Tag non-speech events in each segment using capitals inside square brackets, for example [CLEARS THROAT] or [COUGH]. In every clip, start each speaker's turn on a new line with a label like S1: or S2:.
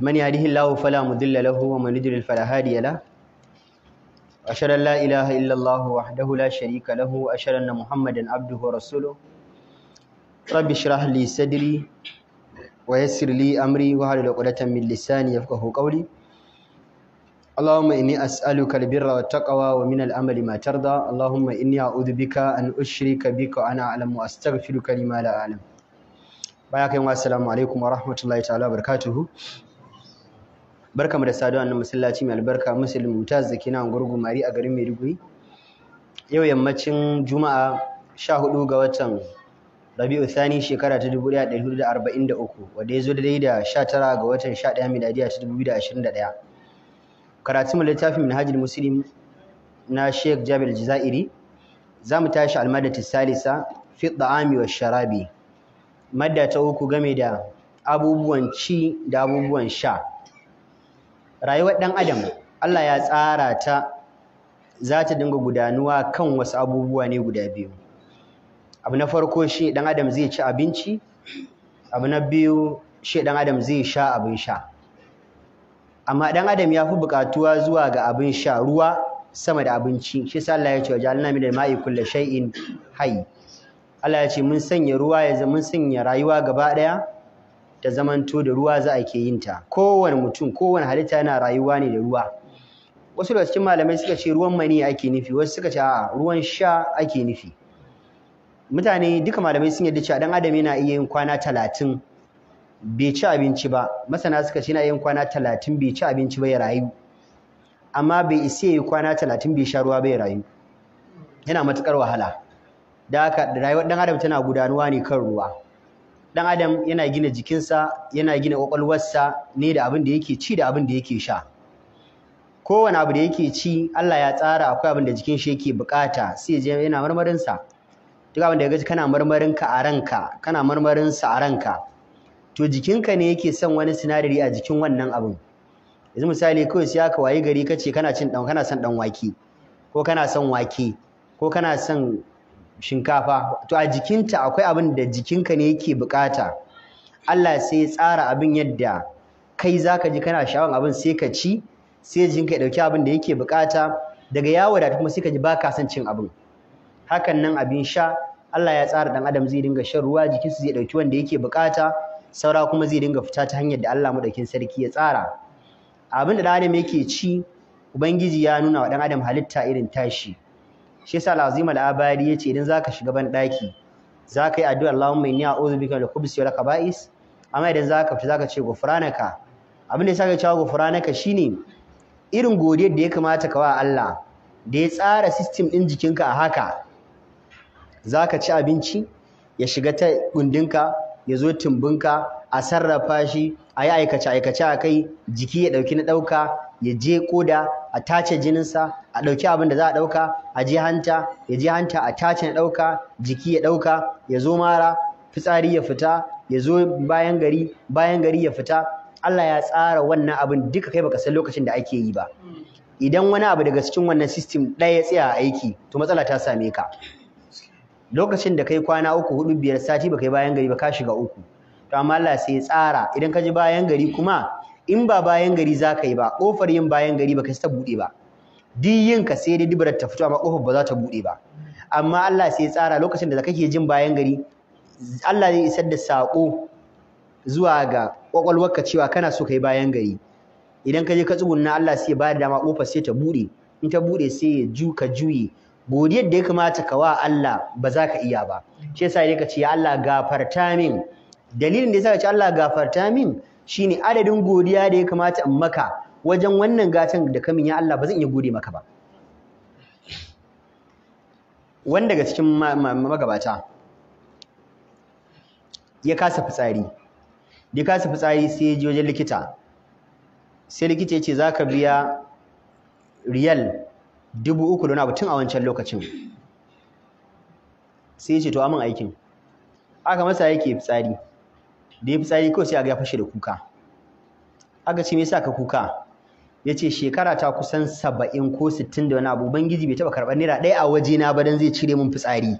S1: من يهده الله فلا مضل له ومن يضلل فلا هادي له أشهد أن لا إله إلا الله وحده لا شريك له وأشهد أن محمدا عبده ورسوله رب اشرح لي صدري ويسر لي أمري وهل عقدة من لساني يفقه قولي اللهم إني أسألك البر والتقوى ومن الأمل ما ترضى اللهم إني أعوذ بك أن أشرك بك وأنا أعلم وأستغفرك لما لا أعلم بياك السلام عليكم ورحمة الله تعالى وبركاته mu da saduwa nan masallaci mai albarka musulmi mutaz da ke nan mari a garin maiduguri yau yammacin juma'a 14 ga watan rabi'u thani shekara ta 1443 wanda ya zo daidai da 19 ga watan 11 miladiya ta 2021 karatu mu littafin minhajul muslim na sheikh jabir jazairi za mu tashi ta salisa fi da'ami wa sharabi madda ta uku game da abubuwan ci da abubuwan sha rayuwar ɗan adam Allah ya tsara ta za ta dinga gudanuwa kan wasu abubuwa ne guda biyu abu na farko shi ɗan adam zai ci abinci abu na biyu shi ɗan adam zai sha abin sha amma ɗan adam ya fi buƙatuwa zuwa ga abin sha ruwa sama da abinci shi sa Allah ya ce wajalna min da mai kulli shay'in hayi? Allah ya ce mun sanya ruwa ya zama mun sanya rayuwa gaba ɗaya ta zamanto da ruwa za a ke yin ta kowane mutum kowane halitta yana rayuwa ne da ruwa wasu daga cikin malamai suka ce ruwan mani ake nufi wasu suka ce a'a ruwan sha ake nufi mutane duka malamai sun yadda cewa dan adam yana iya yin kwana talatin bai ci abinci ba masana suka ce yana yin kwana talatin bai ci abinci ba ya rayu amma bai isa ya yi kwana talatin bai sha ruwa ba ya rayu yana matuƙar wahala da haka rayuwar dan adam tana gudanuwa ne kan ruwa dan adam yana gina jikinsa yana gina kwakwalwarsa ne da abin da yake ci da abin da yake sha kowane abu da yake ci Allah ya tsara akwai abin da jikin shi yake bukata sai je yana marmarin sa duk abin da ya gaji kana marmarin ka a ranka kana marmarin sa a ranka to jikinka ne yake son wani sinadari a jikin wannan abin yanzu misali kawai sai aka wayi gari kace kana cin dan kana son dan wake ko kana son wake ko kana son shinkafa to a jikinta akwai abin da jikinka ne yake bukata Allah sai ya tsara abin yadda kai zaka ji kana sha'awan abin sai ka ci sai jikinka ya dauki abin da yake bukata daga ya wadata kuma sai ka ji baka son cin abin hakan nan abin sha Allah ya tsara dan adam zai dinga shan ruwa su zai dauki wanda yake bukata saura kuma zai dinga fita ta hanyar da Allah madaukin sarki ya tsara abin da dan adam yake ci ubangiji ya nuna wa dan adam halitta irin tashi shi yasa lazim al-abadi yace idan zaka shiga ban daki zaka yi addu'a Allahumma inni a'udhu bika min al-khubuthi wal khaba'is amma idan zaka fita zaka ce gufranaka abin da yasa ka cewa gufranaka shine irin godiyar da ya kamata ka wa Allah da ya tsara system din jikinka a haka zaka ci abinci ya shiga ta gundinka ya zo tumbinka a sarrafa shi a yi aikace-aikace a kai jiki ya ɗauki na ɗauka ya je koda a tace jininsa a ɗauki abin da za a ɗauka a ji hanta ya ji hanta a tace na ɗauka jiki ya ɗauka ya zo mara fitsari ya fita ya zo bayan gari bayan gari ya fita Allah ya tsara wannan abin duka kai baka san lokacin da ake yi ba idan wani abu daga cikin wannan system ɗaya ya tsaya a aiki to matsala ta same ka lokacin da kai kwana uku hudu biyar sati baka yi bayan gari ba ka shiga uku to amma Allah sai ya tsara idan ka ji bayan gari kuma in ba bayan gari za ka yi ba ƙofar yin bayan gari ba ka ta buɗe ba duk yin ka sai dai dubrar ta fito amma ƙofar ba za ta buɗe ba amma Allah sai ya tsara lokacin da kake jin bayan gari Allah zai isar da saƙo zuwa ga ƙwaƙwalwarka cewa kana so ka yi bayan gari idan ka je ka tsugunna Allah sai ya ba da dama ƙofar sai ta buɗe in ta buɗe sai ya ju ka juye godiyar da ya kamata ka wa Allah ba za ka iya ba shi yasa dai ka ce Allah gafarta min dalilin da sa ka ce Allah gafarta min ne adadin godiya da ya kamata in maka wajen wannan gatan da kamin ya Allah ba zan iya gode maka ba wanda daga cikin magabata ya kasa fitsari ya kasa fitsari sai ya ji wajen likita sai likita ya ce za ka biya riyal dubu uku da wani tun a wancan lokacin sai ya ce to amin aikin aka masa yake fitsari da ya fitsari kawai sai a ga ya fashe da kuka aka ce me yasa kuka ya ce shekara ta kusan saba'in ko sittin da wani abu ubangiji bai taba karɓar naira ɗaya a wajena ba don zai cire min fitsari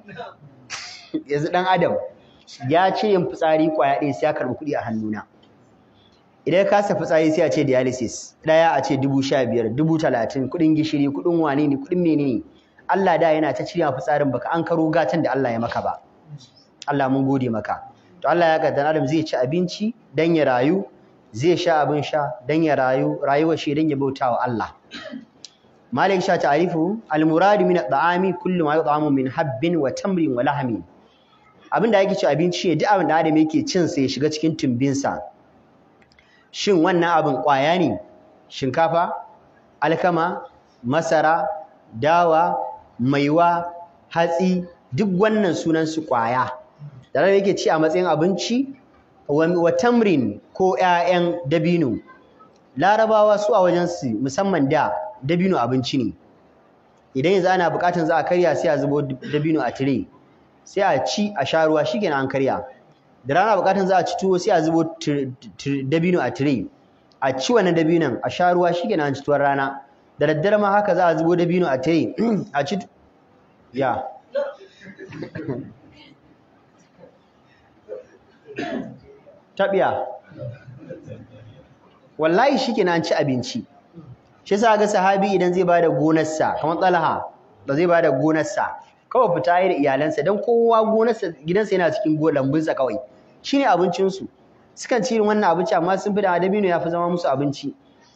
S1: [LAUGHS] yanzu ɗan adam ya cire yin fitsari ƙwaya ɗaya sai ya karɓi kuɗi a hannuna idan ka sa fitsari sai a ce dialysis ɗaya a ce dubu sha biyar dubu talatin kuɗin gishiri kuɗin wane ne kuɗin menene Allah da yana ta cire fitsarin baka an karo gatan da Allah ya maka ba Allah mun gode maka to Allah ya ga dan adam zai ci abinci dan ya rayu zai sha abin sha dan ya rayu rayuwar shi dan ya bautawa Allah malik sha ta'rifu al murad min at'ami kullu ma yut'amu min habbin wa tamrin wa lahmi abinda yake ci abinci ne duk abin da adam yake cin sa ya shiga cikin tumbinsa shin wannan abin kwaya ne shinkafa alkama masara dawa maiwa hatsi duk wannan sunan su kwaya da nan yake ci a matsayin abinci wa tamrin ko ƴaƴan dabino larabawa su a wajen su musamman da dabino abinci ne idan yanzu ana buƙatar za a karya sai a zubo dabino a tire sai a ci a sha ruwa shikenan an karya da rana buƙatar za a ci tuwo sai a zubo dabino a tire a ci wannan dabinon a sha ruwa shikenan an ci tuwon rana da daddare ma haka za a zubo dabino a tire [CLEARS THROAT] a ci ya tabiya wallahi shike na ci abinci shi yasa ga sahabi idan zai bada gonarsa kamar Talha da zai bada gonarsa kawai fita yi da iyalansa don kowa gonarsa gidansa yana cikin lambunsa kawai Shi ne abincinsu sukan ci wannan abinci amma sun fi da adabino ya fi zama musu abinci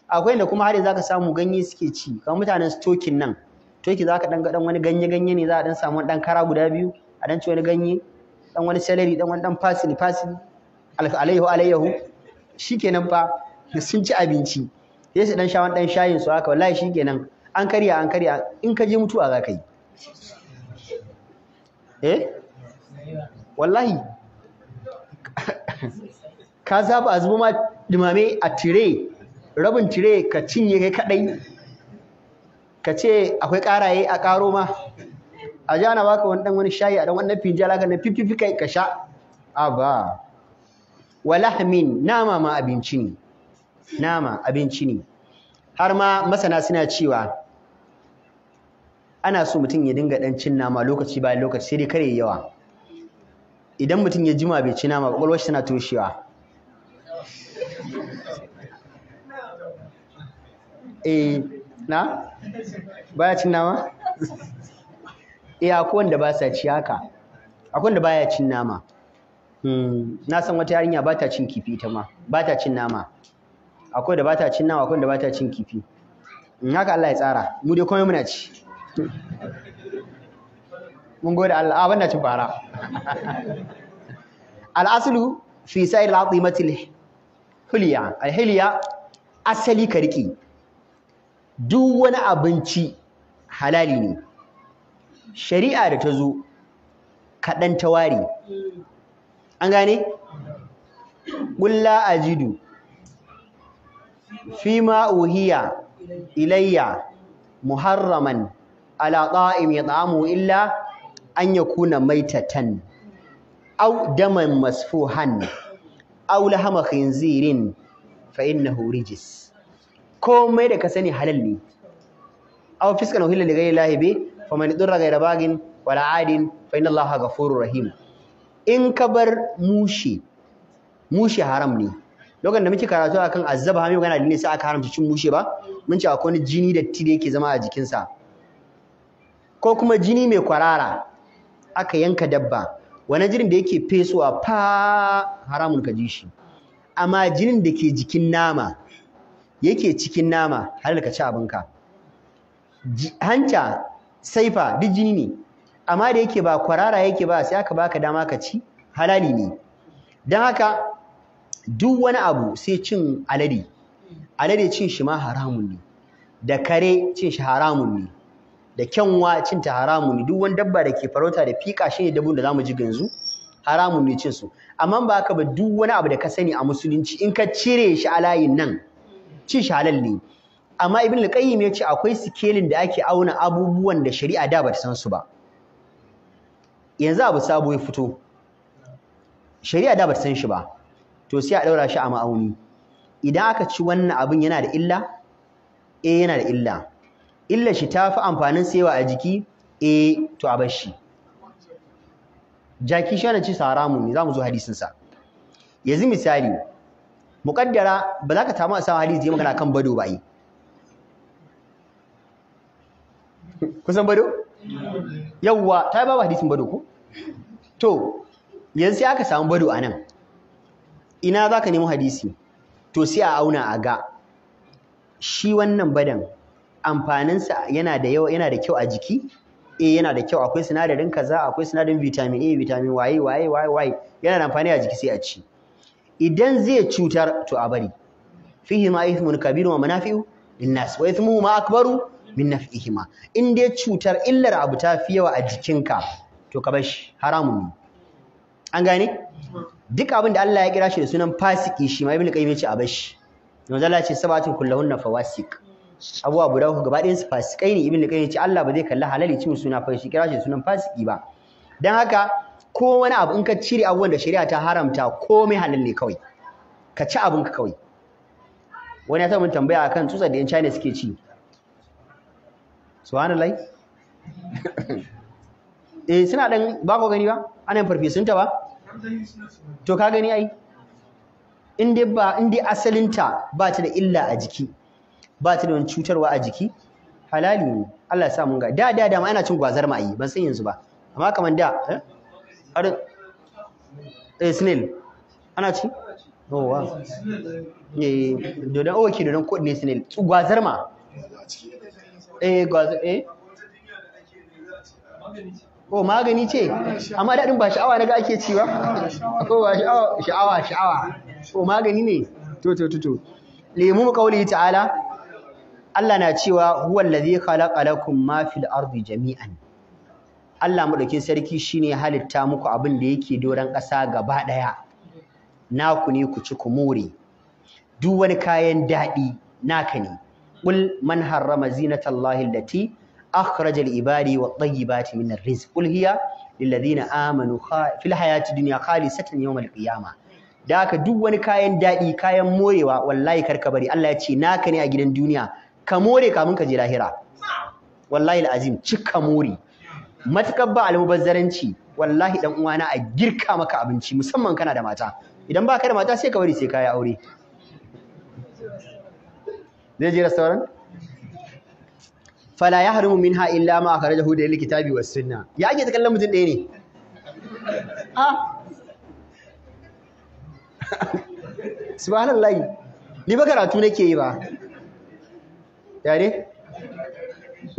S1: akwai da kuma za ka samu ganye suke ci kamar mutanen stokin nan toki za ka ga wani ganye ganye ne za a ɗan samu ɗan kara guda biyu a ɗan ci wani ganye dan wani salary dan wani dan fasili fasili alayyahu alayyahu kenan fa sun ci abinci sai su dan sha wani dan shayin su haka wallahi kenan an karya an karya in ka je mutuwa za ka yi eh wallahi [LAUGHS] ka zaba a zuba ma dumame a tire rabin tire ka cinye kai kadai ka ce akwai karaye a karo ma a ji ana baka wani dan wani shayi a dan wannan finjal haka na fififi kai ka sha aba walahmin nama ma abinci ne nama abinci ne har ma masana suna cewa ana so mutum ya dinga dan cin nama lokaci bayan lokaci sai dai kare yawa idan mutum ya jima bai ci nama kwakwalwar shi tana toshewa eh na baya cin nama eh akwai wanda ba sa ci haka akwai wanda baya cin nama hmm, na san wata yarinya ba ta cin kifi ita ma ba ta cin nama akwai da ba ta cin nama akwai da ba ta cin kifi hmm, haka Allah ya tsara mu dai komai muna ci [LAUGHS] mun gode Allah abin ah, da ci fara [LAUGHS] al'aslu fi sa'ir al'atimati huliya alhiliya asali ka duk wani abinci halali ne shari'a da ta zo kaɗan ta ware an gane ƙulla ajidu fima uhiya ilayya muharraman ala ta'im yat'amu illa an tan. maitatan aw daman masfuhan au lahama khinzirin fa innahu rijis komai da ka sani halal ne aw fiskan da gani lahibe faman idurra gaira bagin wala adin fa inna allaha ghafurur rahim in ka bar mushi mushi haram ne lokacin da muke karatu akan azzaba hami magana ne sai aka haramta cin mushe ba mun ce akwai wani jini da tire yake zama a jikinsa ko kuma jini mai kwarara aka yanka dabba wani jinin da yake fesuwa fa haramun ka ji shi amma jinin da ke jikin nama yake cikin nama har ka ci abinka hanta saifa duk jini ne amma da yake ba kwarara yake ba sai aka baka dama ka ci halali ne don haka duk wani abu sai cin alade alade cin shi ma haramun ne da kare cin shi haramun ne da kyanwa cin ta haramun ne duk wani dabba da ke farauta da fika shi ne dabbun da zamu ji ganzu haramun ne cin su amma ba haka ba duk wani abu da ka sani a musulunci in ka cire shi a layin nan cin shi halal ne amma ibn al-qayyim ya ce akwai sikelin da ake auna abubuwan da shari'a da bata san su ba yanzu abu sabo ya fito shari'a da bata san shi ba to sai a daura shi a ma'auni idan aka ci wannan abin yana da illa eh yana da illa illa shi ta fi amfanin sayawa a jiki eh to a bar shi jaki shi ci haramun ne za mu zo hadisin sa yanzu misali muƙaddara ba za ka tamu a samu hadisi ya magana kan bado ba yi kusan bado yawwa ta yi ba hadisin bado ko to yanzu sai aka samu bado anan ina za ka nemo hadisi to sai a auna a ga shi wannan badan amfaninsa yana da yawa yana da kyau a jiki eh yana da kyau akwai sinadarin kaza akwai sinadarin vitamin A vitamin Y, Y, Y, Y. yana da amfani a jiki sai a ci idan zai cutar to a bari fihi ma ithmun kabiru wa manafi'u linnas wa ithmuhu ma akbaru min naf'ihima in dai cutar illar abu ta fi yawa a jikinka to ka bashi haramun ne an gane duk abin da Allah ya kira shi da sunan fasiki shi ma ibnu qayyim ya ce a bashi yanzu Allah ya ce sabatun kullahunna fawasik abuwa guda uku gaba ɗayan su fasikai ne ibnu qayyim ya ce Allah ba zai kalla halali cin suna shi kira shi da sunan fasiki ba dan haka ko wani abu in ka cire abubuwan da shari'a ta haramta komai halal ne kawai ka ci abinka kawai wani ya taɓa tambaya akan tsutsar da 'yan China suke ci subhanallah [LAUGHS] eh suna dan ba ko gani ba ana yin ta ba to ka gani ai in dai ba in dai asalinta ba ta da illa a jiki ba ta da wani cutarwa a jiki halali ne Allah ya sa mun ga da da da ma ana cin gwazar ma ai ban san yanzu ba amma kaman da eh har eh snail ana ci oh wow eh dodon oke oh, dodon kod ne snail gwazar ma eh gwaza eh ko oh, magani ce amma daɗin ba sha'awa na ga ake cewa ko ba sha'awa sha'awa sha'awa ko oh, magani ne to to to to limu qawli ta'ala Allah na cewa huwa allazi khalaqa lakum ma fil ardi jami'an Allah madaukin sarki shine halitta muku abin da yake doran ƙasa gaba daya naku ne ku ci ku more duk wani kayan daɗi naka ne Ƙul man harrama zinata allahi allati akhraja li ibadi wat tayyibati min arrizq qul hiya lil ladina amanu fil duniya dunya khalisatan yawm al qiyamah da duk wani kayan daɗi kayan morewa wallahi karka bari Allah ya ce naka ne a gidan duniya ka more kamun ka je lahira wallahi azim cika more matakar ba almubazzaranci wallahi dan uwana a girka maka abinci musamman kana da mata idan baka da mata sai ka bari sai ka yi aure zai je restaurant fala min minha illa ma akhrajahu da kitabi wa sunna ya ake ta mutum ɗaya ne ah [LAUGHS] subhanallahi ni ba karatu nake yi ba yare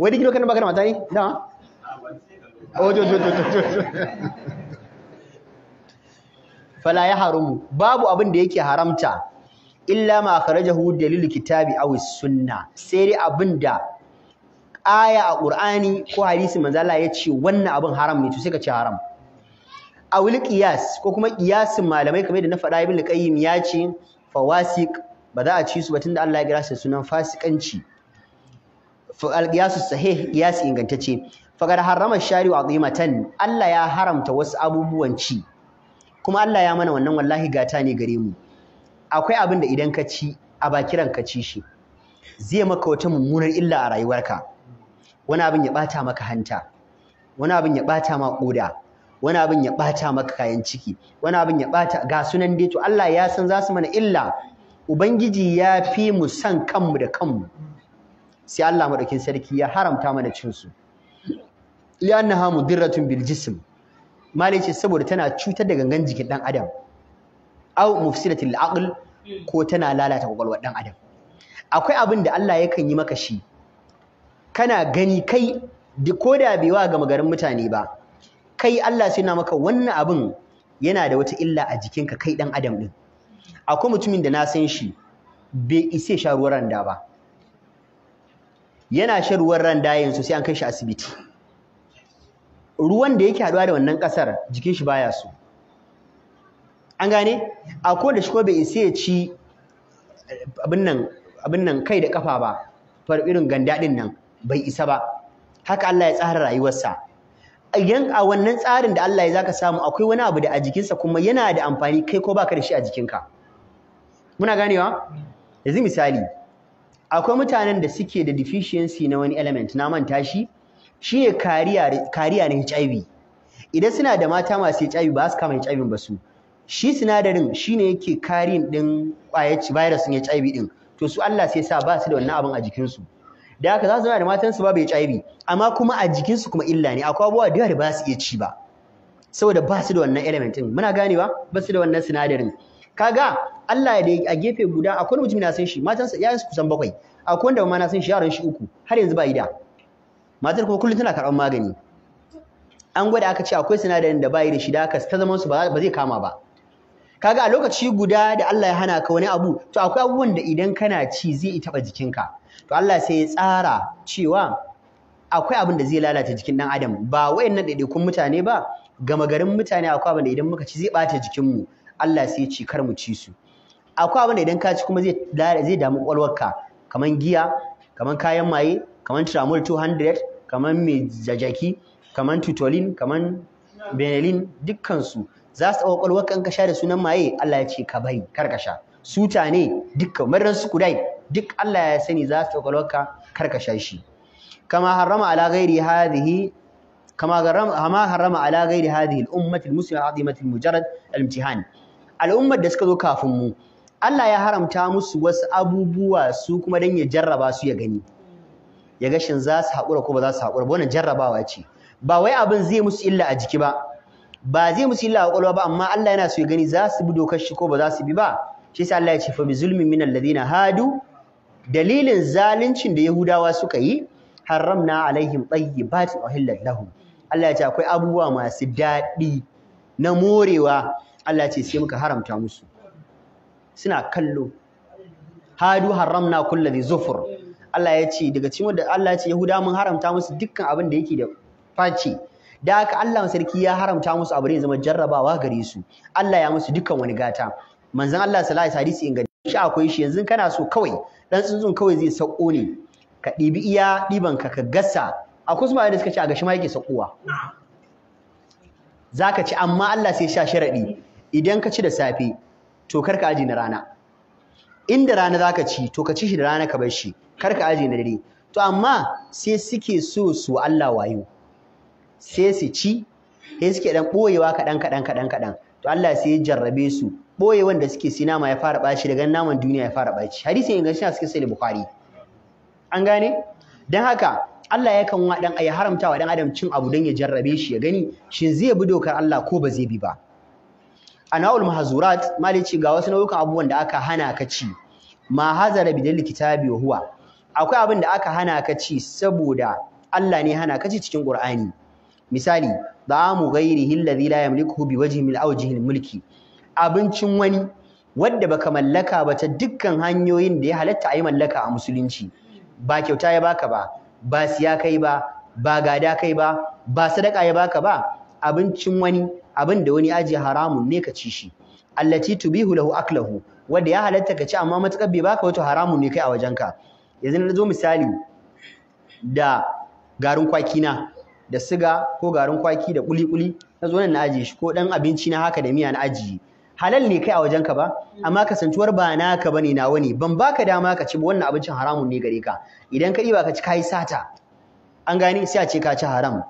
S1: wani gido kan ba mata ne da oh jo jo jo jo fala ya harimu babu abin da yake haramta illa ma kharajahu dalil kitabi aw sunna sai dai abinda aya a qur'ani ko hadisi manzo Allah ya ce wannan abin haram ne to sai ka ce haram awil qiyas ko kuma qiyasin malamai kamar da na faɗa ibn qayyim ya ce fawasiq ba za a ci su ba tunda Allah ya kira su sunan fasikanci al qiyas sahih qiyas ingantacce faqad harrama shari'u azimatan Allah ya haramta wasu abubuwan ci kuma Allah ya mana wannan wallahi gata ne gare mu akwai abin da idan ka ci a bakiran ka ci shi zai maka wata mummunar illa a rayuwarka wani abin ya bata maka hanta wani abin ya bata maka koda wani abin ya bata maka kayan ciki wani abin ya bata ga sunan dai to Allah ya san za su mana illa ubangiji ya fi mu san kanmu da kanmu sai Allah madaukin sarki ya haramta mana cin su annaha mudirratun bil jism malai ce saboda tana cutar da gangan jikin dan adam au mufsidatil aql ko tana lalata kwakwalwar dan adam akwai abin da Allah yakan yi maka shi kana gani kai ko da bai wa gama garin mutane ba kai Allah sai na maka wannan abin yana da wata illa a jikinka kai dan adam din akwai mutumin da na san shi bai ise sha ruwan randa ba yana shan ruwan randa yanzu sai an kai shi asibiti ruwan da yake haɗuwa da wannan ƙasar jikin shi baya so an gane a ko da shi ko bai isa ya ci abin nan kai da kafa ba far irin ganda nan bai isa ba haka Allah ya tsara rayuwarsa yan a wannan tsarin da Allah ya ka samu akwai wani abu da a jikinsa kuma yana da amfani kai ko baka da shi a jikinka muna ganewa yanzu misali akwai mutanen da suke da deficiency na wani element na manta shi shi ne kariya na HIV idan suna da mata masu HIV ba su kama HIV ba su shi sinadarin shine yake karin din kwayar virus ne HIV din to su Allah sai sa ba su da wannan abin a jikin su da haka za su zama da matan su babu HIV amma kuma a jikin su kuma illa ne akwai abubuwa da yawa da ba su iya ci ba saboda ba su da wannan element din muna ganewa ba su da wannan sinadarin kaga Allah da a gefe guda akwai mutum na san shi matan sa yayin su kusan bakwai akwai wanda ma na san shi yaran shi uku har yanzu ba yi da matar kuma kullum tana karɓar magani an gwada aka ce akwai sinadarin da bayi da shi da haka ta zaman su ba zai kama ba kaga a lokaci guda da Allah ya hana ka wani abu to akwai abubuwan da idan kana ci zai taba jikinka to Allah sai ya tsara cewa akwai abin da zai lalata jikin dan adam ba wayannan daidaikun mutane ba gama garin mutane akwai abin da idan muka ci zai bata jikin mu Allah sai ya ci kar mu ci su akwai abin da idan ka ci kuma zai zai damu kwalwarka kaman giya kaman kayan maye kaman tramol 200 kaman mai jajaki kaman tutolin kaman benelin dukkan su za su ɗauka ƙwaƙwalwarka in ka sha da sunan maye Allah ya ce ka bari kar ka sha suta ne dukka marar su kudai duk Allah ya sani za su ɗauka ƙwaƙwalwarka kar ka sha shi kama harama ala gairi hadhihi kama harama ala gairi hadhihi al-ummati muslima azimati mujarrad al-imtihan al'ummar da suka zo kafin mu Allah ya haramta musu wasu abubuwa su kuma dan ya jarraba su ya gani ya ga shin za su haƙura ko ba za su haƙura ba wannan jarrabawa ce ba wai abin zai musu illa a jiki ba ba zai musu illa kwakwalwa ba amma Allah yana so ya gani za su bi dokar shi ko ba za su bi ba shi yasa Allah ya ce fa bi zulmin min alladhina hadu dalilin zaluncin da Yahudawa suka yi haramna alaihim tayyibatin uhillat lahum Allah ya ce akwai abubuwa masu daɗi na morewa Allah ya ce sai muka haramta musu suna kallo hadu haramna kulli zufur Allah ya ce daga cikin wanda Allah ya ce Yahudawa mun haramta musu dukkan abin da yake da faci da haka Allah sarki ya haramta musu abu ne zama jarrabawa gare su Allah ya musu dukkan wani gata manzon Allah sallallahu alaihi hadisi inganta shi akwai shi yanzu kana so kawai dan tsuntsun kawai zai sauko ne ka dibi iya diban ka ka gasa akwai su da suka ce a gashi ma yake saukowa zaka ci amma Allah sai sha sharadi idan ka ci da safe to kar ka aje na rana inda rana zaka ci to ka ci shi da rana ka bar shi kar ka aje na dare to amma sai suke so su Allah wayo sai su ci sai suke dan boyewa kaɗan kaɗan kaɗan kaɗan to Allah sai ya jarrabe su boyewan da suke sai nama ya fara bashi daga naman duniya ya fara ɓaci hadisin inganci na suke sai bukhari an gane dan haka Allah yakan wa dan ayi haramta wa dan adam cin abu dan ya jarrabe shi ya gani shin zai bi dokar Allah ko ba zai bi ba anawul mahzurat mali ce ga wasu nau'ukan abubuwan da aka hana ka ci ma hazara bidal kitabi wa huwa akwai abin da aka hana ka ci saboda Allah ne hana ka ci cikin Qur'ani misali da'amu ghairi alladhi la yamlikuhu biwajhin min awjihil mulki abincin wani wanda baka mallaka ba ta dukkan hanyoyin da ya halatta ayi mallaka a musulunci ba kyauta ya baka ba ba siya kai ba ba gada kai ba ba sadaka ya baka ba abincin wani abin da wani aji haramun ne ka ci shi allati tubihu lahu aklahu wanda ya halatta ka ci amma matakar bai baka wato haramun ne kai a wajenka yanzu na zo misali da garin kwakina. da siga ko garin kwaki da kuli-kuli na zo nan na ajiye shi ko ɗan abinci na haka da miya na ajiye halal ne kai a wajen ka ba amma kasantuwar ba naka bane nawa ne ban baka dama ka ci wannan abincin haramun ne gare ka idan ka ba ka ci kai sata an gani sai a ce ka ci haram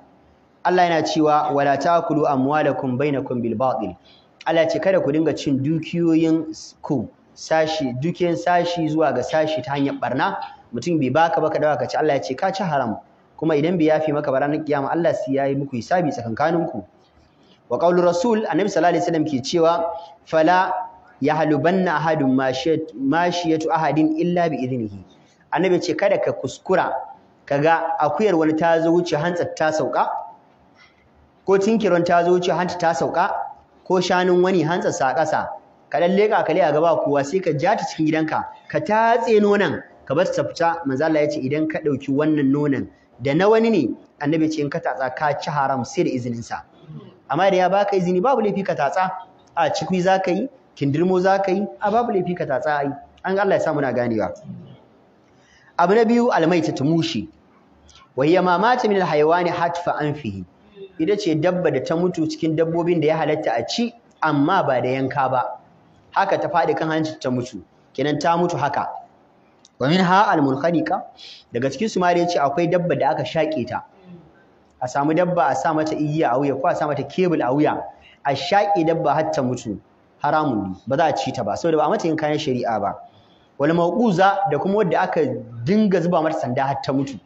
S1: Allah yana cewa wala taakulu amwalakum bainakum bil batil Allah ya ce kada ku dinga cin dukiyoyin ku sashi sashi zuwa ga sashi ta hanyar barna mutum bai baka ba ka dawa ka ci Allah ya ce ka ci haram kuma idan bai yafi maka ba ranar kiyama Allah sai yayi muku hisabi tsakankaninku wa qaulur rasul annabi sallallahu alaihi wasallam ke cewa fala yahlubanna ahadun mashiyatu ahadin illa bi idnihi annabi ce kada ka kuskura kaga akuyar wani ta zo wuce hantsa ta sauka ko tinkiron ta zo wuce hantsa ta sauka ko shanun wani hantsa sa ƙasa ka dalle ka kale a gaba kowa sai ka ja ta cikin gidanka ka tatse nonan ka bar ta fita manzo Allah ya ce idan ka dauki wannan nonan da na wani ne annabi ce in ka tatsa ka ci haram sai da izinin sa amma da ya baka izini babu laifi ka tatsa a cikwi za yi kindirmo za ka yi a babu laifi ka tatsa ai an Allah ya sa muna ganewa abu na biyu almaita tumushi wa hiya ma mata min alhayawani hatfa anfihi ita ce dabba da ta mutu cikin dabbobin da ya halatta a ci amma ba da yanka ba haka ta faɗi kan hancin ta mutu kenan ta mutu haka wa min ha al munkhaniqa daga cikin su ma da yace akwai dabba da aka shake ta a samu dabba a sa mata igiya a wuya ko a sa mata kebul a wuya a shake dabba har ta mutu haramun ne ba za a ci ta ba saboda ba a mata yin kayan shari'a ba wal mawquza da kuma wanda aka dinga zuba mata sanda har ta mutu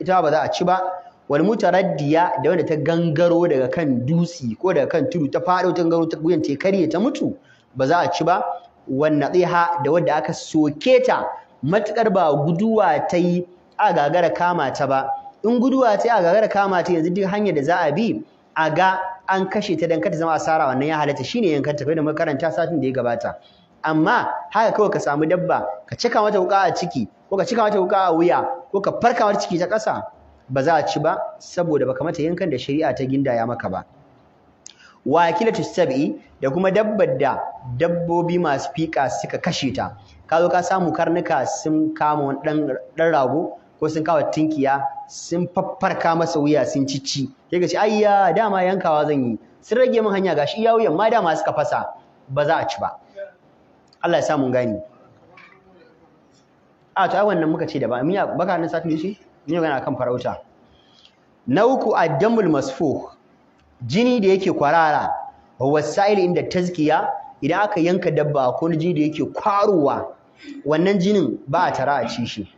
S1: ita ba za a ci ba wal mutaraddiya da wanda ta gangaro daga kan dutsi ko daga kan tudu ta faɗo ta gangaro ta guyan ta karye ta mutu ba za a ci ba wannan tsiha da wanda aka soke ta Matuƙar ba guduwa ta yi a gagara kama ta ba in guduwa ta yi a gagara kama ta yanzu duk hanyar da za a bi a ga an kashe ta dan kata zama asara wannan ya halatta shine yankan ta da makaranta satin da ya gabata amma haka kawai ka samu dabba ka cika mata wuka a ciki ko ka cika mata wuka a wuya ko ka farka mata ciki ta ƙasa ba za a ci ba saboda baka mata yankan da shari'a ta ginda ya maka ba wakilatu sab'i da kuma dabbar da dabbobi masu fiƙa suka kashe ta ka zo ka samu karnuka sun kama ɗan rago ko sun kawo tinkiya sun faffarka masa wuya sun cici ke ka ce ayya dama yankawa zan yi sun rage min hanya gashi iya wuyan ma dama suka fasa ba za a ci ba Allah ya sa mun gani a to ai wannan muka ce da ba miya baka nan sati shi miya gana kan farauta na uku addamul masfuh jini da yake kwarara wasa'il inda tazkiya idan aka yanka dabba ko jini da yake kwarowa wannan jinin ba a tara a ci shi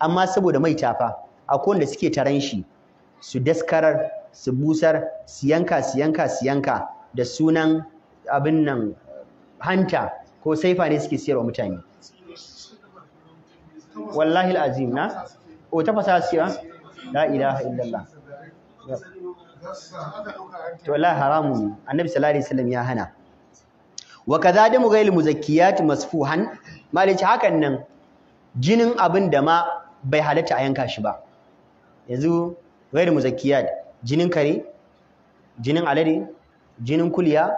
S1: amma saboda mai tafa akwai wanda suke taran shi su daskarar su busar su yanka su yanka su yanka da sunan abin nan hanta ko saifa ne suke siyarwa mutane wallahi azim na o ta fasa siya la ilaha illallah to la haramun annabi sallallahu alaihi wasallam ya hana wa kaza damu ghail muzakkiyat masfuhan malici hakan nan jinin abin da ma bai halatta a yanka shi ba yanzu ghail muzakkiyat jinin kare jinin alade jinin kuliya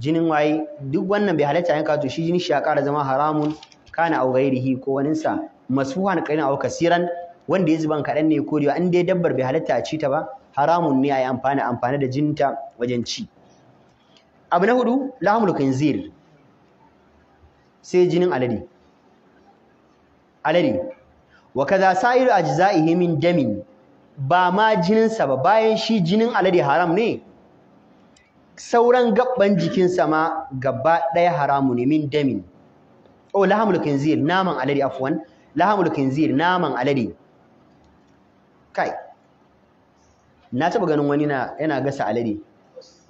S1: jinin waye duk wannan bai halatta a yanka to shi jinin shi ya ƙara zama haramun kana au ghairihi ko waninsa masfuhan kana au kasiran wanda ya zuban kaɗan ne korewa inda dai dabbar bai halatta a ci ta ba haramun ne a yi amfani amfani da jinta wajen ci abu na hudu lahamul khinzir sai jinin alade alade wa kaza sa'iru ajza'ihi min damin ba ma jinin sa ba bayan shi jinin alade haram ne sauran gabban jikinsa ma gaba ɗaya haramu ne min damin oh lahamul khinzir naman alade afwan lahamul khinzir naman alade kai na taba ganin wani na yana gasa alade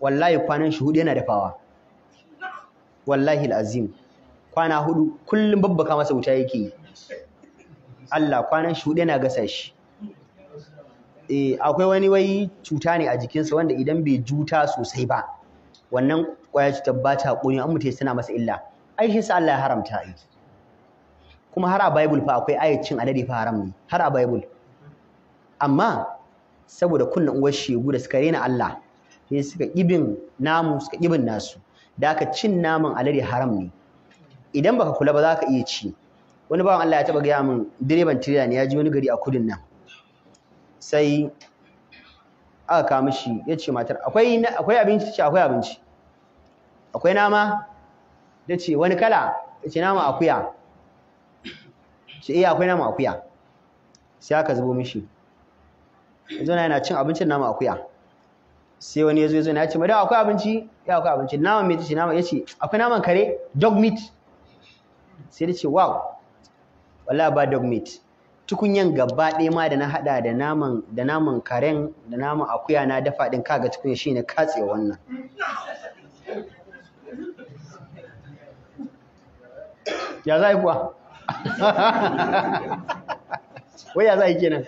S1: wallahi kwanan shi hudu yana dafawa wallahi alazim kwana hudu kullum babbaka masa wuta yake yi Allah kwanan shi hudu yana gasa shi eh akwai wani wai cuta ne a jikinsa wanda idan bai juta sosai ba wannan kwaya cutar ba ta ƙuni an mutai suna masa illa ai shi sa Allah ya haramta yi kuma har a bible fa akwai ayat cin alade fa haram ne har a bible amma saboda kunna uwar shegu da suka rena Allah sai suka ibin namu suka ibin nasu da ka cin naman alade haram ne idan baka kula ba za ka iya ci wani bawan Allah ya taba gaya min direban tirya ne ya ji wani gari a kudin nan sai aka kama shi ya ce matar akwai akwai abinci ce akwai abinci akwai nama da ce wani kala ya ce nama akuya ce iya eh, akwai nama akuya sai aka zubo mishi yanzu yana cin abincin nama akuya sai wani ya zo ya zo ya ce madam akwai abinci ya akwai abinci Nama mai tashi nama ya ce. akwai naman kare dog meat sai da ce wow wala ba dog meat tukunyan gaba ɗaya ma da na haɗa da naman da naman karen da naman akuya na dafa ɗin kaga shi ne katse wannan ya za yi kuwa [LAUGHS] wai ya za yi kenan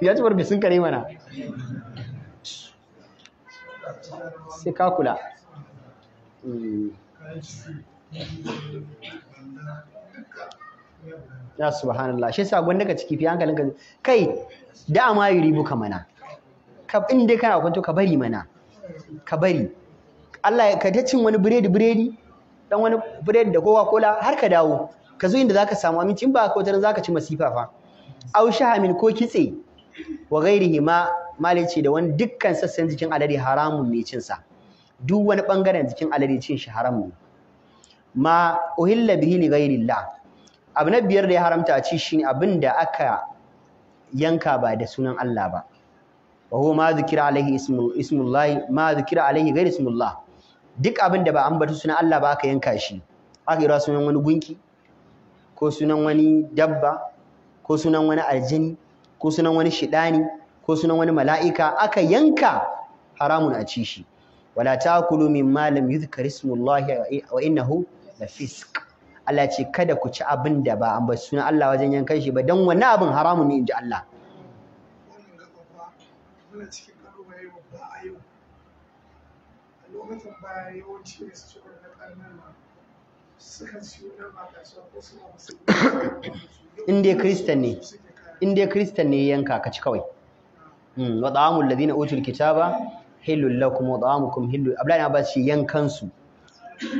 S1: ya ci barbe sun kare mana sai ka kula hmm. ya subhanallah shi sa gwanda ka ciki fi hankalinka kai da ma yi buka mana ka in dai kana kwanto ka bari mana ka bari Allah ka ta cin wani biredi biredi dan wani biredi da kowa kola har ka dawo ka zo inda zaka samu aminci in ba ka za zaka ci masifa fa au shahamin ko kitse wa ghairihi ma malici da wani dukkan sassan jikin alade haramun ne cinsa. duk wani bangaren jikin alade cin shi haram ne ma uhilla bihi li ghairillah abu na biyar da ya haramta a ci shine abin da aka yanka ba da sunan Allah ba wa huwa ma zikira alaihi ismullah ma zikira alaihi ghairi ismullah duk abin da ba an bata sunan Allah ba aka yanka shi aka yi sunan wani gunki ko sunan wani dabba ko sunan wani aljini ko sunan wani shidani ko sunan wani mala'ika aka yanka haramun a ci shi wala takulu min lam yuzkar ismullahi wa innahu lafisq Allah ce kada ku ci abin da ba an ba sunan Allah wajen yankan shi ba dan wani abin haramun ne ji Allah lokacin [COUGHS] in dai kristan ne in dai kristan ne yanka ka ci kawai Hmm, wa ta'amul ladina utul kitaba hillul lakum wa kuma hillul Abdullahi na shi yankan su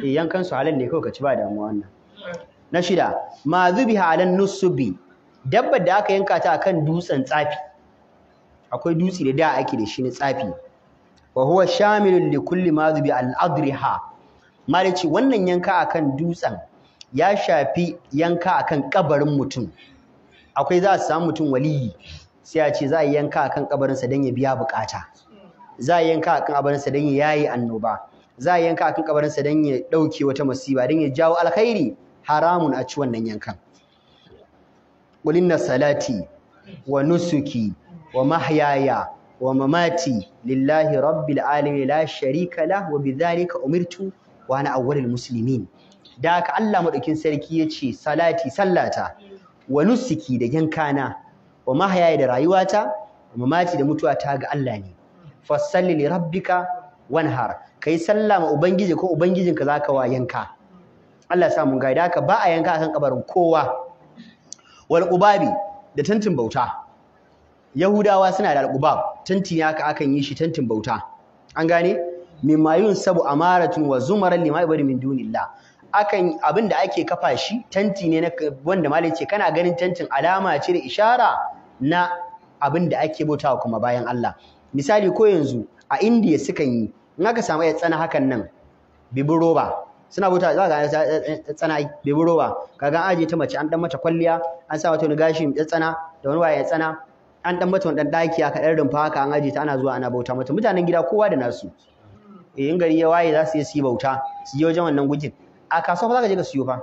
S1: eh, yankan su halal ne kawai ka ci ba damuwa wannan na shida ma halin alan nusubi dabba da aka yanka ta akan dutsen tsafi akwai dutsi da da ake da shi na tsafi wa huwa shamilun da kulli ma zubi al adriha malici wannan yanka akan dutsen ya shafi yanka akan kabarin mutum akwai za a samu mutum waliyi sai a ce za a yanka a kan ƙabarinsa don ya biya bukata za a yanka a kan kabarinsa don ya yayi annoba za a yanka a akan ƙabarinsa don ya dauke wata masiba don ya jawo alkhairi haramun a ci wannan yankan qul salati wa nusuki wa mahyaya wa mamati lillahi rabbil alamin la sharika wa bidhalika umirtu wa ana awwalul muslimin da haka Allah madaukin sarki ya ce salati sallata wa nusuki da yankana wa mahaya da rayuwata wa mamati da ta ga Allah ne fassalli li rabbika wanhar kai sallah ma ubangiji ko ubangijinka zaka wa yanka Allah ya sa mun gaida ka ba a yanka akan kabarin kowa wal qubabi da tantin bauta yahudawa suna da al-qubab tanti yaka akan yi shi tantin bauta an gane mimma sabu amaratun wa zumaran lima ibadi min dunillah akan abin da ake kafa shi tanti ne wanda Malam ce kana ganin tantin alama ce da ishara na abin da ake bautawa kuma bayan Allah misali ko yanzu a India sukan yi in aka samu ya tsana hakan nan bibin roba suna bauta za ga tsana bibin roba kaga an aje ta mace an dan mata kwalliya an sa mata wani gashin tsana da wani waye tsana an dan mata wani dan daki aka dan rumfa haka an aje ta ana zuwa ana bauta mata mutanen gida kowa da nasu eh in gari ya waye za su su yi bauta su je wajen wannan gujin a kasuwa ba za ka je ka siyo fa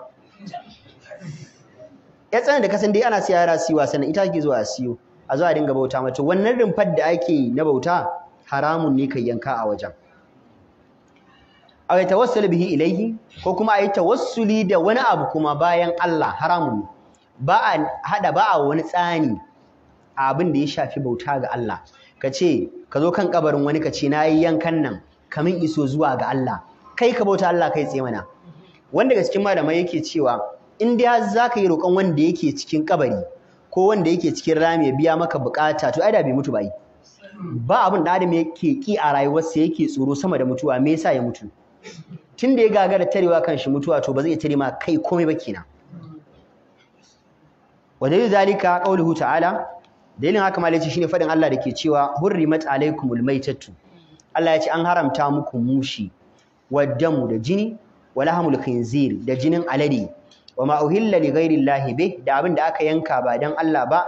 S1: ya tsana da kasan dai ana siya yara siwa sannan ita ke zuwa a siyo a zuwa dinga bauta mata wannan rumfar da ake na bauta haramun ne kai yanka a wajen a yi tawassul bihi ilaihi ko kuma a yi tawassuli da wani abu kuma bayan Allah haramun ne ba a hada ba a wani tsani a abin da ya shafi bauta ga Allah ka ce ka zo kan kabarin wani ka ce na yi yankan nan kamin iso zuwa ga Allah kai ka bauta Allah kai tsaye mana wanda daga cikin malamai yake cewa in dai za ka yi roƙon wanda yake cikin kabari ko wanda yake cikin rami ya biya maka bukata to ai da bai mutu ba yi ba abin da adam yake ki a rayuwarsa yake tsoro sama da mutuwa me yasa ya mutu tun da ya gagara tarewa kan shi mutuwa to ba zai tare ma kai komai ba kenan wanda yi zalika qauluhu ta'ala dalilin haka malaci shine faɗin Allah da ke cewa hurrimat alaikumul maitatu Allah ya ce an haramta muku mushi wa damu da jini Walaha mulkin khinzir da jinin alade wa ma uhilla li ghairi llahi bih da abin da aka yanka ba dan Allah ba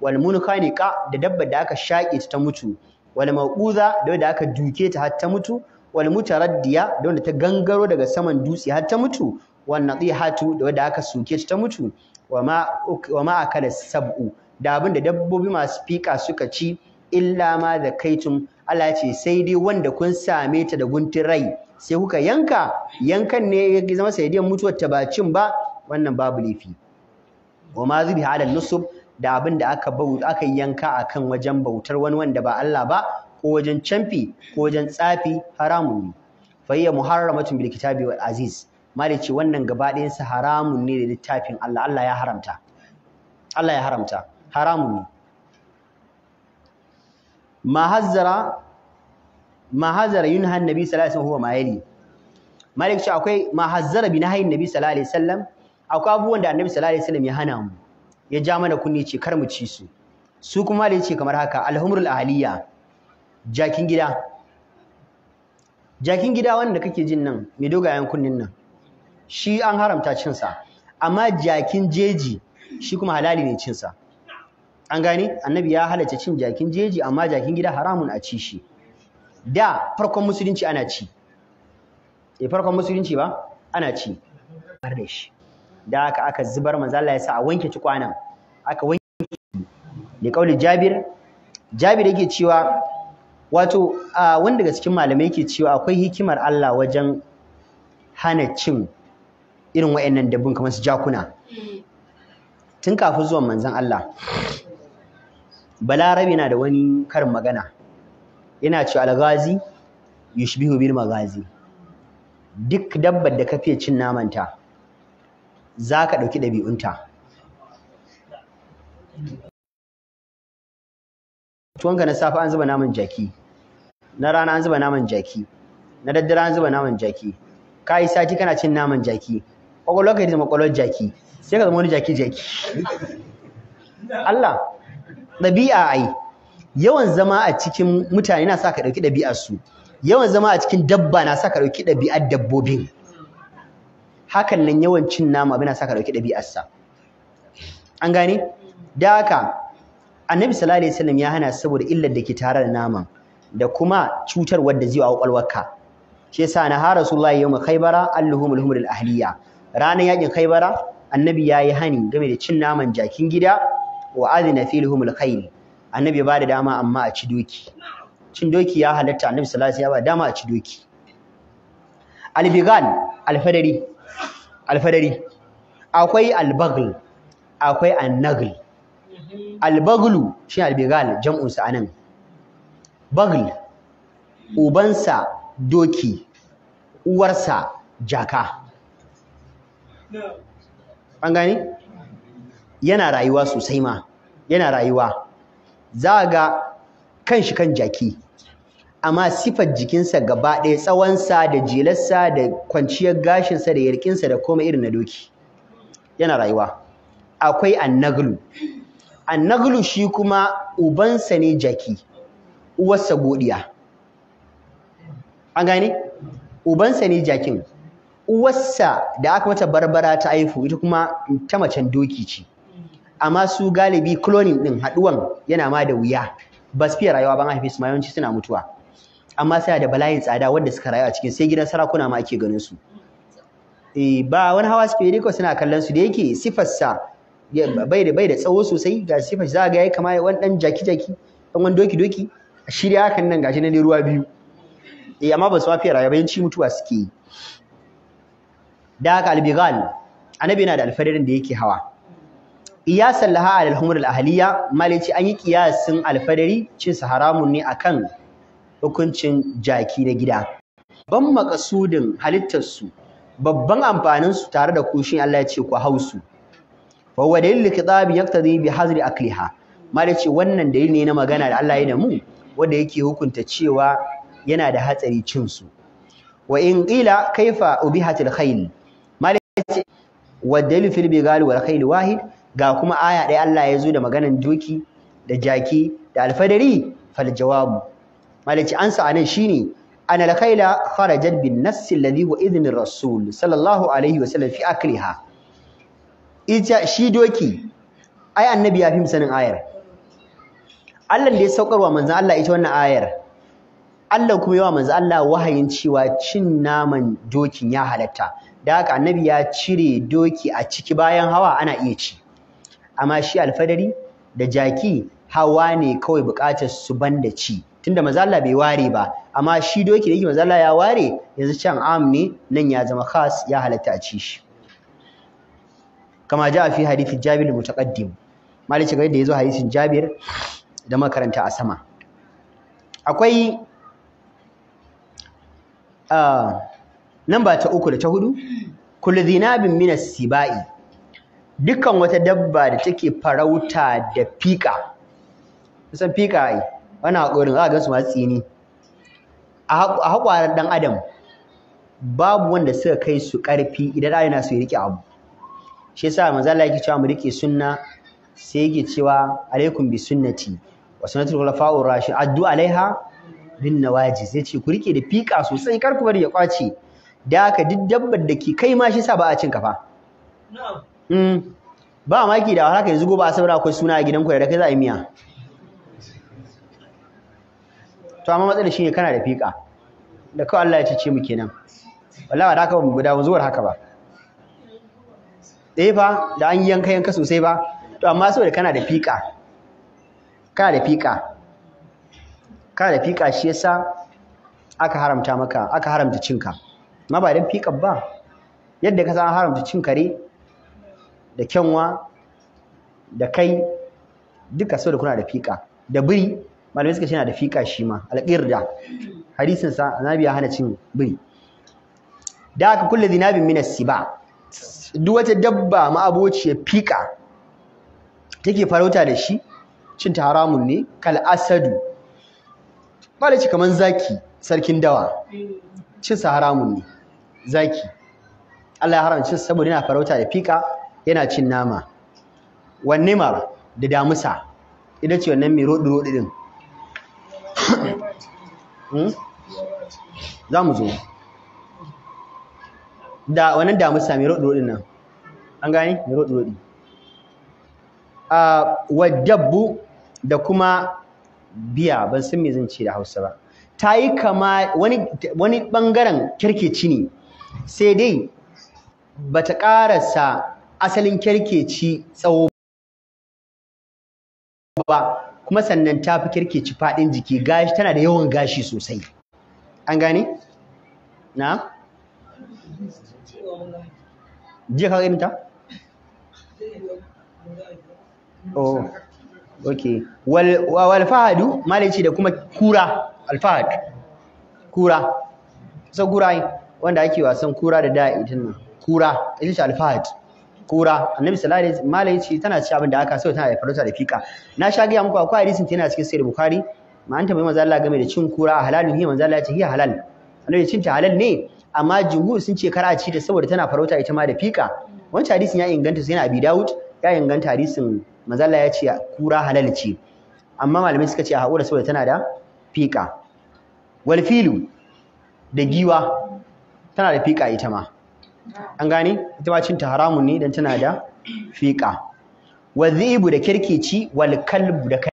S1: wal munkhaniqa da dabba da aka shaƙe ta mutu wal mauquza da wanda aka duke ta har ta mutu wal mutaraddiya da wanda ta gangaro daga saman dutse har ta mutu wal nadihatu da wanda aka suke ta mutu wa ma wa ma akala sab'u da abin da dabbobi masu fika suka ci illa ma da zakaitum Allah ya ce sai dai wanda kun same ta da guntun rai sai kuka yanka yankan ne ya zama sanadiyar mutuwar ta ba cin ba wannan babu laifi wa ma zubi hadal nusub da abin da aka aka yanka akan wajen bautar wani wanda ba Allah ba ko wajen camfi ko wajen tsafi haramun ne fa hiya muharramatun bil kitabi wal aziz mali ce wannan gaba ɗayan sa haramun ne da littafin Allah Allah ya haramta Allah ya haramta haramun ne ma hazzara ma hazara hannu Nabi sallallahu alaihi wasallam huwa mayali malik ce akwai ma hazara bi nahyi Nabi sallallahu alaihi wasallam akwai abubuwan da annabi sallallahu alaihi wasallam ya hana mu ya ja mana kunni ce kar mu ci su su kuma malik ce kamar haka alhumrul ahliya jakin gida jakin gida wanda kake jin nan mai dogayen kunnin nan shi an haramta cin sa amma jakin jeji shi kuma halali ne cin sa an gane annabi ya halarci cin jakin jeji amma jakin gida haramun a ci shi da farkon musulunci ana ci E farkon musulunci ba ana ci bar da shi aka aka zubar manzo Allah ya sa a wanke ci kwanan aka wanke da kauli Jabir Jabir yake cewa wato wanda daga cikin malamai yake cewa akwai hikimar Allah wajen hana cin irin wayannan dabbun kamar su jakuna tun kafin zuwan manzon Allah balarabe na da wani karin magana yana cewa alghazi yushbihu bil magazi duk dabbar da ka cin namanta za ka ɗauki ɗabi'unta tuwanka na safa an zuba naman jaki na rana an zuba naman jaki na daddare an zuba naman jaki ka yi sati kana cin naman jaki ƙwaƙwalwar ka yi zama ƙwaƙwalwar jaki sai ka zama wani jaki jaki Allah ɗabi'a ai yawan zama a cikin mutane na sa ka ɗauki ɗabi'ar su yawan zama a cikin dabba na sa ka ɗauki ɗabi'ar dabbobin hakan nan yawan cin nama abin na sa ka ɗauki ɗabi'ar sa an gane da haka annabi sallallahu alaihi wasallam ya hana saboda illar da ke tare da naman da kuma cutar wadda zai wa kwakwalwarka shi yasa na ha rasulullahi yawm khaybara alluhumul humul ahliya ranar yakin khaybara annabi yayi hani game da cin naman jakin gida wa adina fil khayl annabi ba da dama amma a ci doki cin doki ya halatta annabi sallallahu alaihi wasallam ya ba dama a ci doki albigan alfadari alfadari akwai albagl akwai annagl albaglu shi albigal jam'un sa anan bagl ubansa doki uwarsa jaka an gani yana rayuwa sosai ma yana rayuwa za a ga kan shi kan jaki amma sifar jikinsa gaba ɗaya tsawonsa da jelarsa da kwanciyar gashinsa da yarkinsa da komai irin na doki yana rayuwa akwai annaglu annaglu shi kuma ubansa ne jaki uwarsa godiya an gane ubansa ne jakin uwarsa da aka mata barbara ta haihu ita kuma ta macen doki ce amma su galibi cloning din haduwan yana ma da wuya ba su fiye rayuwa ban haife su ma yawanci suna mutuwa amma suna da bala'in tsada wanda suka rayu a cikin sai gidan sarakuna ma ake ganin su eh, ba wani hawa spiriko suna kallon su da yake sa bai da bai da tsawo sosai ga sifar za ga yayi kama wani dan jaki jaki dan wani doki doki a shirya hakan nan gashi na ne ruwa biyu eh amma ba su ma fiye rayuwa ba yanci mutuwa suke yi da haka albigal annabi yana da alfarin da yake hawa Iyasan laha al humur al ahliya malaci an yi qiyasin alfadari cinsu haramun ne a kan hukuncin jaki na gida ban makasudin halittar su babban amfaninsu tare da kushin Allah ya ce ku hausu wa wa dalil kitab yaqtadi bi hazri akliha malaci wannan dalili ne na magana da Allah ya da mu wanda yake hukunta cewa yana da hatsari cin su wa in qila kaifa ubihatil khayl malici wa dalil fil bigal wal khayl wahid ga kuma aya ɗaya Allah ya zo da maganan doki da jaki da alfadari fal jawabu malaci ansa anan shine ana lakaila kharajat bin nass alladhi wa idhni rasul sallallahu alaihi wa sallam fi akliha ita shi doki ai annabi ya fi mu sanin ayar Allah da ya saukarwa manzon Allah ita wannan ayar Allah kuma yawa manzo Allah wahayin cewa cin naman dokin ya halatta da haka annabi ya cire doki a ciki bayan hawa ana iya ci amma shi alfadari da jaki hawa ne kawai buƙatar su banda ci tunda mazalla bai ware ba amma shi doki da yake mazalla ya ware yanzu can am ne nan ya zama khas ya halatta a ci shi kama ja fi hadithin jabir mutaqaddim malai ga yadda yazo hadisin jabir da makaranta a sama akwai ah, ba ta uku da ta hudu kullu dhinabin minas sibai dukkan wata dabba da take farauta da fika kusan fika ai wannan haƙorin za a gansu masu tsini a haƙwarar ɗan adam babu wanda suka kai su ƙarfi idan ana su ya riƙe abu shi yasa manzo Allah yake cewa mu riƙe sunna sai yake cewa alaikum bi sunnati wa sunnatul khulafa'ur rashid addu alaiha bin nawajiz ce ku riƙe da fika sosai kar ku bari ya kwace da aka duk dabbar da ke kai ma shi yasa ba a cin kafa na'am Mm. ba maki da haka yanzu gobe asabar akwai suna a gidanku da kai za a yi miya to amma matsalar shi ne kana da fika da kawai Allah ya cece mu kenan wallahi ba haka ba mu guda zuwar haka ba eh fa da an yanka yanka sosai ba to amma saboda kana da fika kana da fika kana da fika shi yasa aka haramta maka aka haramta cinka amma ba dan fika ba yadda ka san haramta cin kare da kyanwa da kai duka saboda kuna da fiƙa da biri malamai suka ce yana da fiƙa shi ma alƙirda hadisin sa annabi ya hana cin biri da aka kulle zinabin minas siba duk wata dabba ma'abociya fiƙa take farauta da shi cin ta haramun ne kal asadu malaci kaman zaki sarkin dawa cin sa haramun ne zaki Allah ya haramci saboda yana farauta da fika yana cin nama wani mara da damusa ita ce wannan mai roɗi roɗi din hmm? za mu zo da wannan damusa mai roɗi roɗi nan an gani mai roɗi roɗi wadabbu da kuma biya ban san me zan ce da Hausa ba ta yi kama wani wani bangaren kirkici ne sai dai ba ta karasa asalin kyarkeci tsawo ba kuma sannan ta fi kirkeci fadin jiki gashi tana da yawan gashi sosai an gane na jiya ka ganin ta oh okay wal wal fahadu malaci da kuma kura alfahad kura so kura wanda ake wasan kura da da'i din nan kura ita alfahad kura annabi sallallahu alaihi wasallam malai ce tana ci abin da aka so tana da farauta da fika na sha ga muku akwai hadisin tana cikin sahih bukhari ma an tambayi manzo Allah game da cin kura halal ne manzo Allah ya ce hiya halal annabi cin ta halal ne amma jumhur sun ce kar a ci ta saboda tana farauta ita ma da fika wancan hadisin ya inganta sai na Abi daud ya inganta hadisin manzo Allah ya ce kura halal ce amma malamai suka ce a haƙura saboda tana da fika wal filu da giwa tana da fika ita ma an gane ita ba cinta haramun ne dan tana da fiqa wa dhibu da kirkici wal kalbu da